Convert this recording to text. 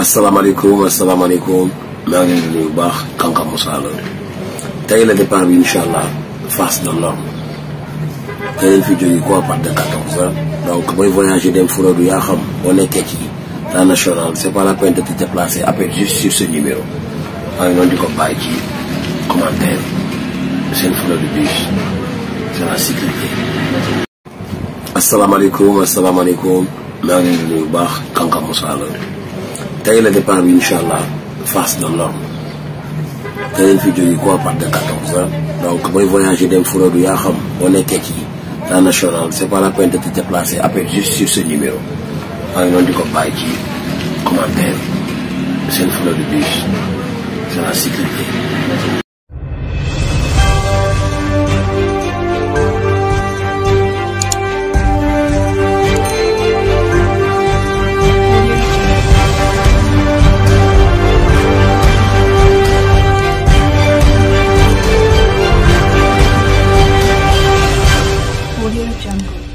asalaamaaleykum asalaamaaleykum maa ngi leen di nuyu bu baax Kanka Moussa la tey la départ bi incha allah face de l'homme tey lañ fi jógee quoi part de donc booy voyager dem Fuladu yaa xam boo nekkee ci la nationale c' est pas la peine sur ce numéro maa ngi noonu di ko ci commentaire seen Fuladu bus c' est la sécurité. asalaamaaleykum asalaamaaleykum maa ngi leen di nuyu bu baax Kanka Moussa la. T'as eu le départ Inch'Allah, face de l'homme une leen de jógee quoi pas de 14 ans donc pour voyager d'un fourreau du xam on est qui la nationale national, c'est pas la peine de te déplacer appelle juste sur ce numéro en nom du compagnie, comment bàyyi C'est un fourreau de bus c'est la sécurité. jungle.